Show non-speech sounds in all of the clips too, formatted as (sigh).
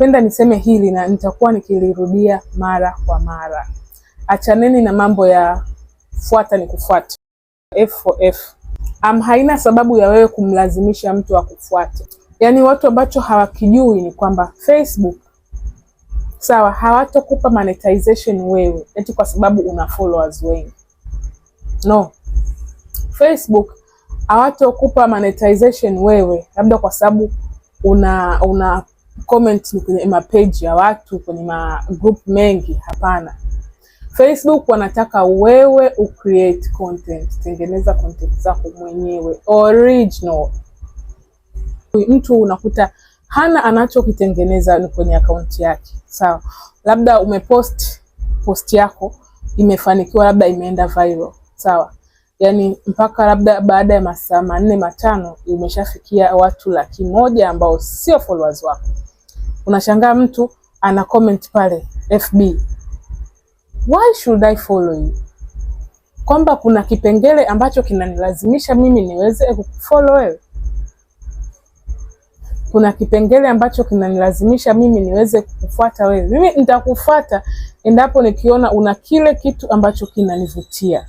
Napenda niseme hili na nitakuwa nikilirudia mara kwa mara. Achaneni na mambo ya fuata ni kufuata, F for F. Am, haina sababu ya wewe kumlazimisha mtu akufuate. Yaani watu ambacho hawakijui ni kwamba Facebook sawa, hawatokupa monetization wewe eti kwa sababu una followers wengi. No, Facebook hawatokupa monetization wewe labda kwa sababu una una comment ni kwenye mapeji ya watu, kwenye group mengi. Hapana, Facebook wanataka wewe ucreate content, tengeneza content zako mwenyewe original. Mtu unakuta hana anachokitengeneza ni kwenye akaunti yake, sawa. Labda umepost post yako imefanikiwa, labda imeenda viral, sawa yani mpaka labda baada ya masaa manne matano imeshafikia watu laki moja ambao sio followers wako. Unashangaa mtu ana comment pale FB, why should I follow you, kwamba kuna kipengele ambacho kinanilazimisha mimi niweze kukufollow wewe kuna kipengele ambacho kinanilazimisha mimi niweze kukufuata wewe. Mimi nitakufuata endapo nikiona una kile kitu ambacho kinanivutia.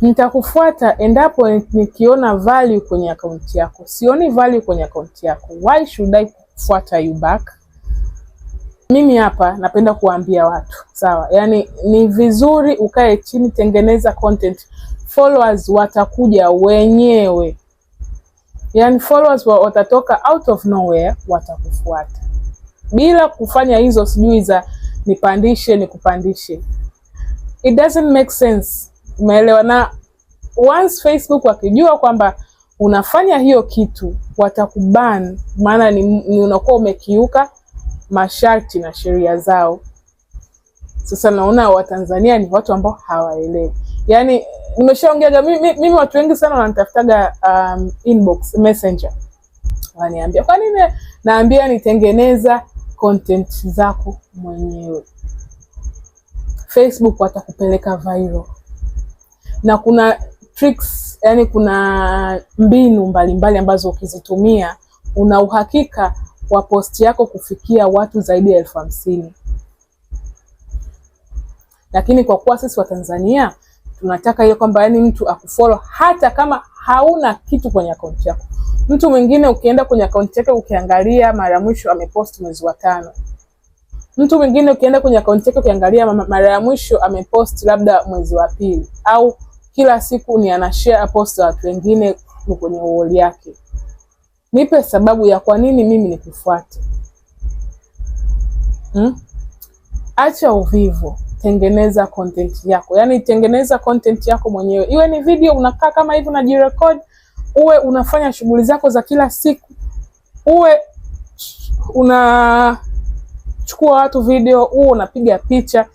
Nitakufuata endapo nikiona value kwenye akaunti yako. Sioni value kwenye akaunti yako. Why should I fuata you back. Mimi hapa napenda kuwaambia watu sawa, yani ni vizuri ukae chini, tengeneza content. Followers watakuja wenyewe, yani followers wa watatoka out of nowhere, watakufuata bila kufanya hizo sijui za nipandishe nikupandishe. It doesn't make sense, umeelewa? Na once Facebook wakijua kwamba unafanya hiyo kitu watakuban, maana ni, ni unakuwa umekiuka masharti na sheria zao. Sasa naona Watanzania ni watu ambao hawaelewi, yani nimeshaongeaga mimi, mimi watu wengi sana wanatafutaga um, inbox messenger, waniambia kwa nini? Naambia nitengeneza content zako mwenyewe. Facebook watakupeleka viral, na kuna tricks yani kuna mbinu mbalimbali mbali ambazo ukizitumia una uhakika wa posti yako kufikia watu zaidi ya elfu hamsini. Lakini kwa kuwa sisi Watanzania tunataka hiyo kwamba yani mtu akufollow hata kama hauna kitu kwenye akaunti yako. Mtu mwingine ukienda kwenye akaunti yake ukiangalia, mara ya mwisho amepost mwezi wa tano. Mtu mwingine ukienda kwenye akaunti yake ukiangalia, mara ya mwisho amepost labda mwezi wa pili au kila siku ni anashare post za watu wengine kwenye wall yake. Nipe sababu ya kwa nini mimi nikufuate. Hmm? Acha uvivu, tengeneza content yako. Yaani tengeneza content yako mwenyewe. Iwe ni video unakaa kama hivi unajirecord, uwe unafanya shughuli zako za kila siku. Uwe unachukua watu video, uwe unapiga picha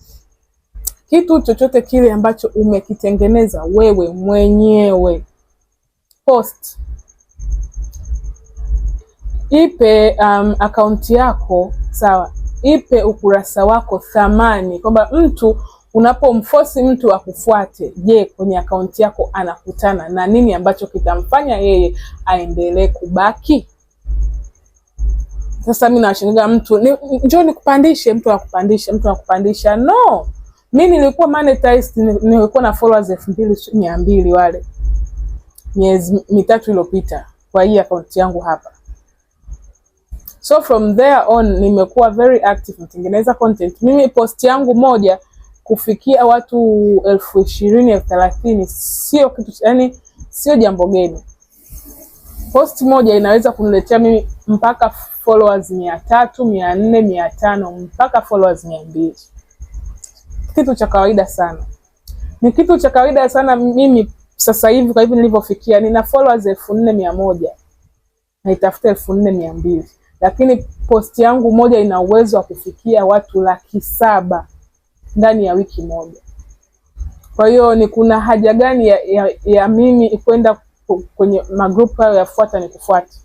kitu chochote kile ambacho umekitengeneza wewe mwenyewe, post ipe um, akaunti yako sawa, ipe ukurasa wako thamani, kwamba mtu unapomfosi mtu akufuate, je, kwenye akaunti yako anakutana na nini ambacho kitamfanya yeye aendelee kubaki? Sasa mi nawashinga mtu, njoo nikupandishe, mtu akupandishe, mtu akupandisha, no mimi nilikuwa monetized, nilikuwa na followers elfu mbili mia mbili wale miezi mitatu iliyopita kwa hii account yangu hapa. So from there on nimekuwa very active nitengeneza content. Mimi post yangu moja kufikia watu elfu ishirini elfu thelathini sio kitu, yani sio jambo geni. Post moja inaweza kuniletea mimi mpaka followers mia tatu mia nne mia tano mpaka followers mia mbili kitu cha kawaida sana, ni kitu cha kawaida sana. Mimi sasa hivi kwa hivi nilivyofikia, nina followers elfu nne mia moja naitafuta elfu nne mia mbili lakini posti yangu moja ina uwezo wa kufikia watu laki saba ndani ya wiki moja. Kwa hiyo ni kuna haja gani ya, ya, ya mimi kwenda kwenye magrupu hayo yafuata ni kufuata?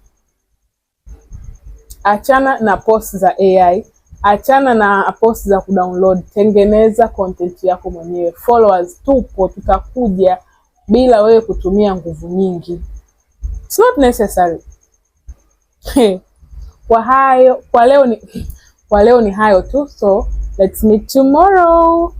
Achana na post za AI Achana na post za kudownload, tengeneza content yako mwenyewe. Followers tupo, tutakuja bila wewe kutumia nguvu nyingi, it's not necessary. (laughs) Kwa hayo, kwa leo ni (laughs) kwa leo ni hayo tu, so let's meet tomorrow.